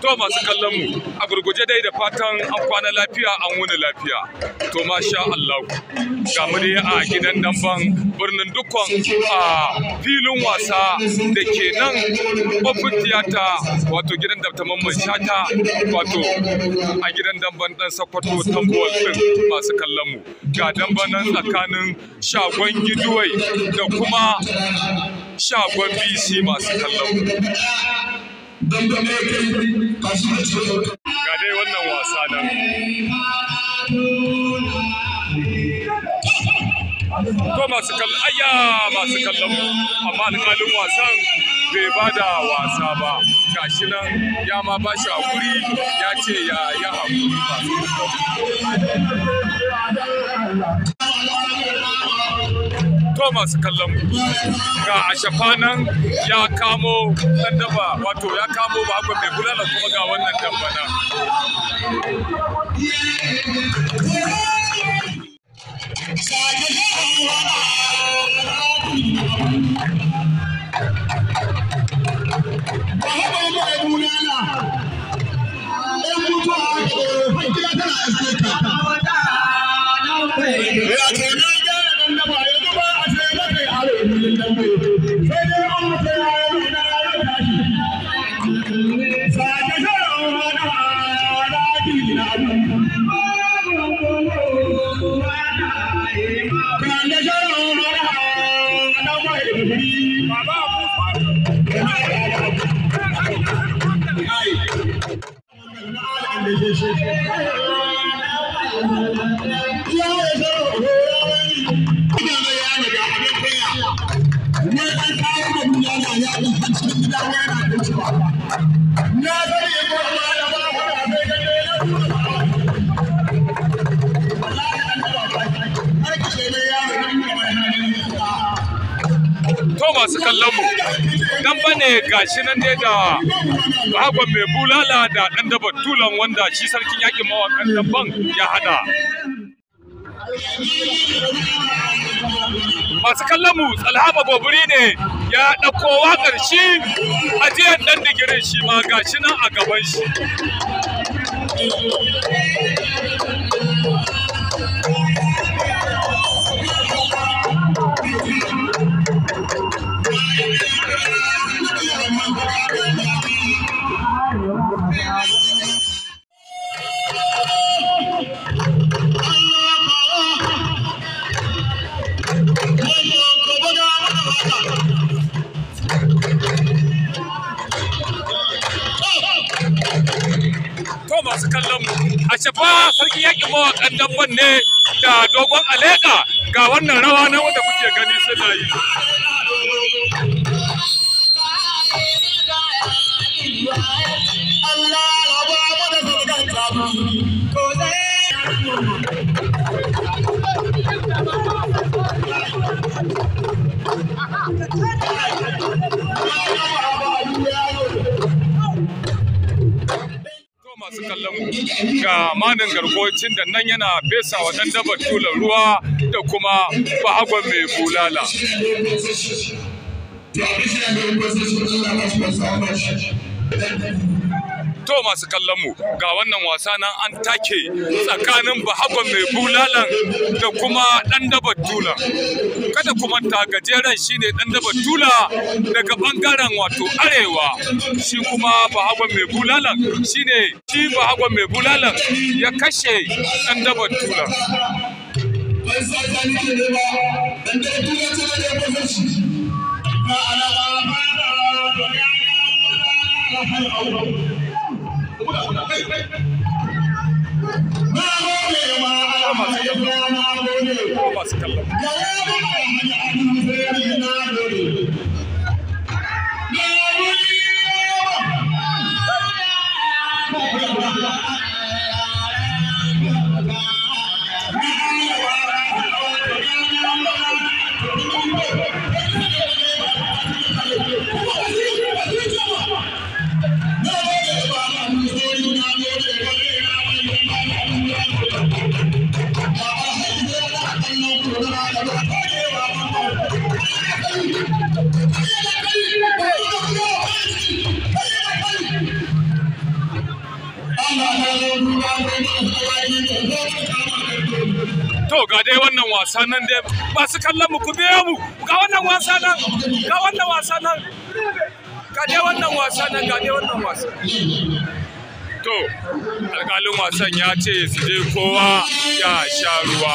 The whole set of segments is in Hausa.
to masu kallon mu a gurguje dai da fatan an kwana lafiya an wuni lafiya to masha Allah ga mu a gidan nan ban birnin dukkan a filin wasa da ke nan babban tiyata wato gidan da ta mamman shata wato a gidan damban dan sakwato tambol din masu kallon mu ga damban nan tsakanin shagon giduwai da kuma shagon bc masu kallon mu don gane kai ga dai wannan wasa nan ko masu kallon ayya masu kallon amma alƙalin wasan bai ba da wasa ba gashi nan ya ma ba shi hakuri ya ce ya ya hakuri ba. masu kallon ga a shafanan ya kamo dan daba wato ya kamo ba haka mai da kuma ga wannan daba to masu kallon mu dan bane gashi nan dai da bakon mai bulala da dan da batulan wanda shi sarkin yakin mawakan dabban ya hada masu kallon mu tsalhama boburi ne ya ɗauko wakar shi ajiyar ɗan digirin shi ma gashi nan a gaban shi masu kallon mu a shafa sarki yaƙi mawaƙan damban ne da dogon aleka ga wannan rawa na wanda kuke gani suna yi masu kallon ga manin gargocin da nan yana fesa wa dan dabar tulan ruwa da kuma bahagon mai bulala to masu kallon mu ga wannan wasa nan an take tsakanin bahagon mai bulalan da kuma dan dabar tula kada kuma ta gajeren shine dan dabar tula daga bangaren wato arewa shi kuma bahagon mai bulalan shine shi bahagon mai bulalan ya kashe dan dabar tula Thank you. Na gode ma Allah, na gode. to ga dai wannan wasa nan dai ba su kallon mu ku biyo mu ga wannan wasa nan ga wannan wasa nan ga dai wannan wasa nan ga dai wannan wasa to alƙalin wasan ya ce su je kowa ya sha ruwa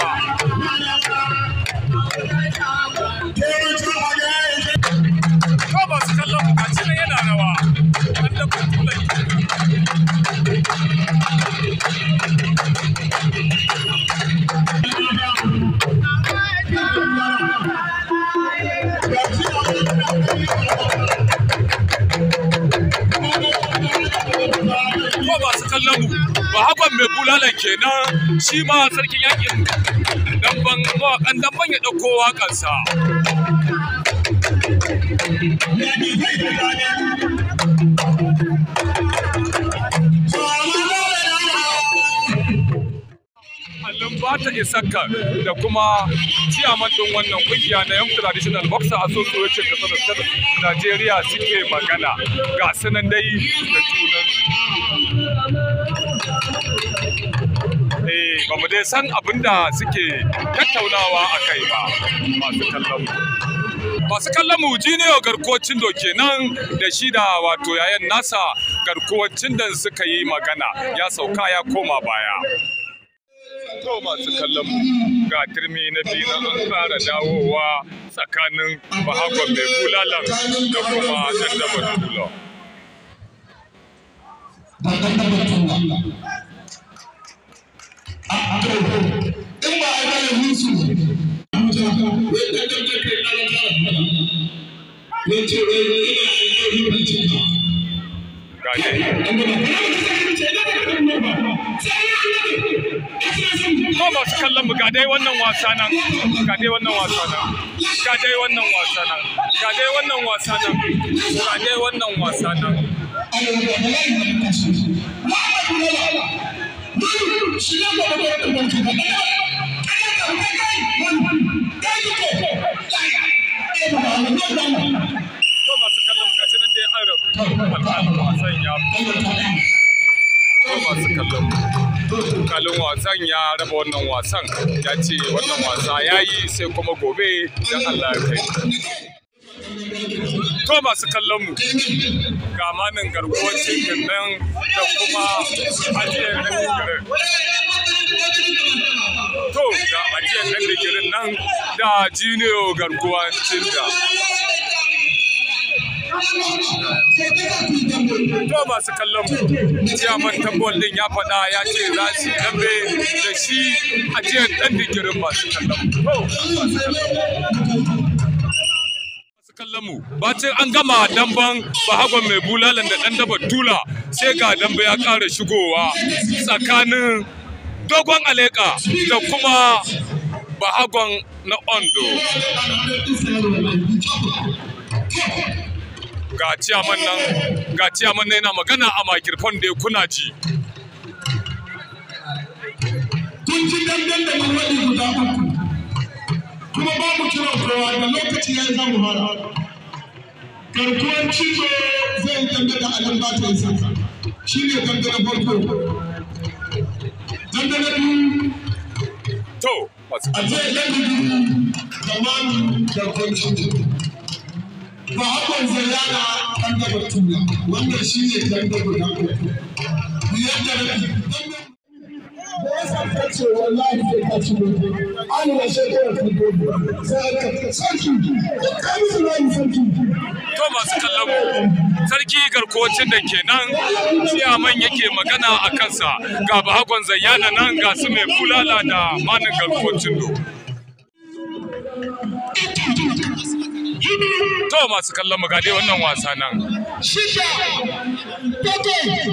wannan kenan shi ma sarkin yakin damban mawakan damban ya ɗauko waƙansa Bata Isaka da kuma ciyaman wannan kungiya na yan Traditional Boxer Association kasar Najeriya suke magana ga sanan dai da junansu. ba mu dai san abin da suke tattaunawa a kai ba masu kallon masu kallon mu jiniyo garkuwacin do kenan da shi da wato yayan nasa garkuwacin da suka yi magana ya sauka ya koma baya to masu kallon mu ga turmi na biyu na an fara dawowa tsakanin bahagon mai bulalan da kuma dandabar tula. kallon mu ga dai wannan wasa nan ga dai wannan wasa nan ga dai wannan wasa nan ga dai wannan wasa nan ga dai wannan wasa nan To masu kallon mu ga nan dai an rabu wasan ya ba masu kallon kalin wasan ya raba wannan wasan ya ce wannan wasa ya yi sai kuma gobe don Allah ya kai to masu kallon mu ga manin garkuwar cikin nan da kuma ajiyar nan garin to ga ajiyar nan da nan da jiniyo garkuwar cikin To masu kallon mu ciyaman tambol ya faɗa ya ce za su dambe da shi a jiya ɗan digirin masu kallon Masu kallon mu bacin an gama damban bahagon mai bulalan da ɗan daba tula sai ga damba ya ƙara shigowa tsakanin dogon aleka da kuma bahagon na ondo. ga ciyaman nan ga ciyaman nan yana magana a makirfan da kuna ji kun ji dandan da mahadi guda uku kuma ba mu kira kowa da lokaci ya yi zamu fara garkuwar cizo zai dambe da alam ba ta isa shi ne dambe na farko dambe na biyu to a zai dambe da mani da kwanci ba hakan zayyana kan da batuna wanda shi ne kan da batuna yadda rabi da ya sarka ce wallahi sai ka ci gobe an na shekarar ta gobe sai ka sarki duk ka musu wani sarki to masu kallon sarki garkocin da ke nan ciyaman yake magana a kansa ga bahagon zayyana nan ga su mai bulala da manin garkocin do to masu kallon mu wannan wasa nan Shisha, takwas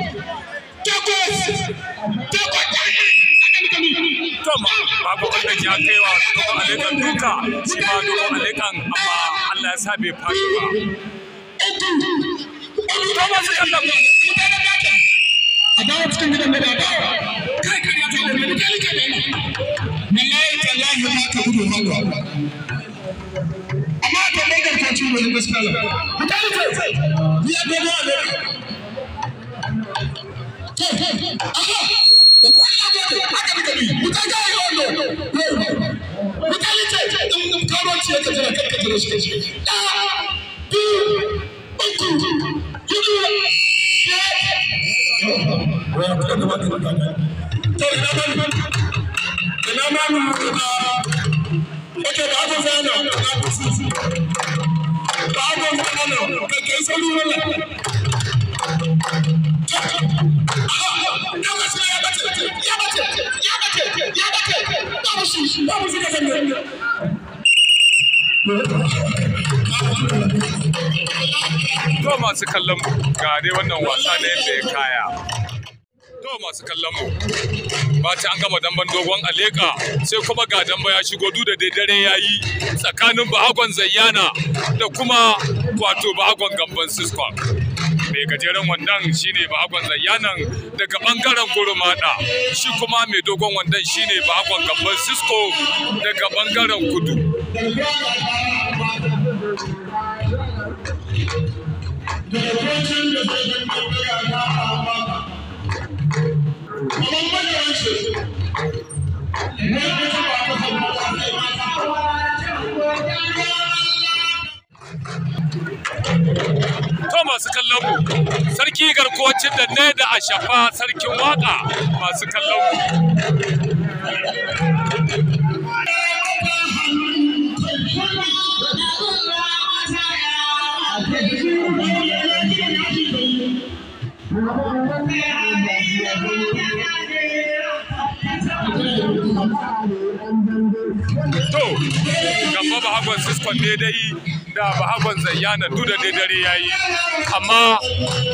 takwas to ma babu wanda ya kai wa dukkan duka shi ma dukkan amma Allah ya sa bai ba to kallon mu a dawo cikin gidan da dawo kai kai ya not treated in this color. We got it. We are the one, Thank you. ka பண்ணணும் சொல்லுவோம்ல To masu kallon mu ga dai wannan wasa na yadda ya kaya. To masu kallon mu bata an gama damban dogon aleka sai kuma ga damba ya shigo duk da daidare ya yi tsakanin bahagon zayyana da kuma wato bahagon gamban sisko mai gajeren wandon shine bahagon zayyanan daga bangaren gurumada shi kuma mai dogon wandan shine bahagon gamban sisko daga bangaren kudu Daga kocin da zai To masu kallon mu sarki garkuwacin da ne da shafa sarkin waka masu kallon mu. diskon ne da bahaban zayyana duda da dare ya amma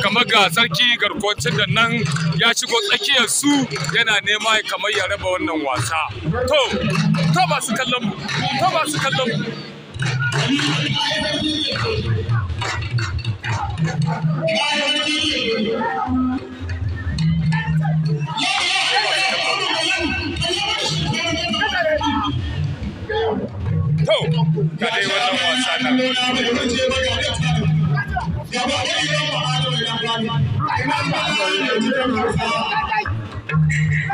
kama ga sarki garkocin da nan ya shigo tsakiyar su yana nema kamar ya raba wannan wasa to to masu kallon mu to masu kallon mu Yeah. to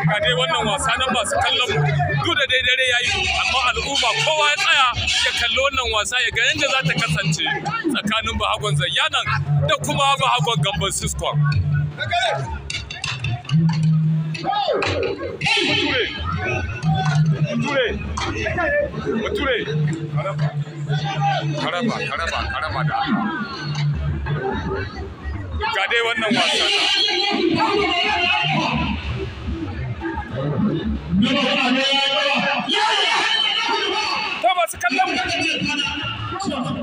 ka dai wannan wasa na ka wannan wasa na masu kallon duk da dai dare yayi amma al'umma kowa ya tsaya ya kalli wannan wasa ya ga yadda za ta kasance tsakanin bahagon zayyanan da kuma bahagon gamban siskon Karaba, karaba, karaba da Ga dai wannan wasa Ta kallon mu!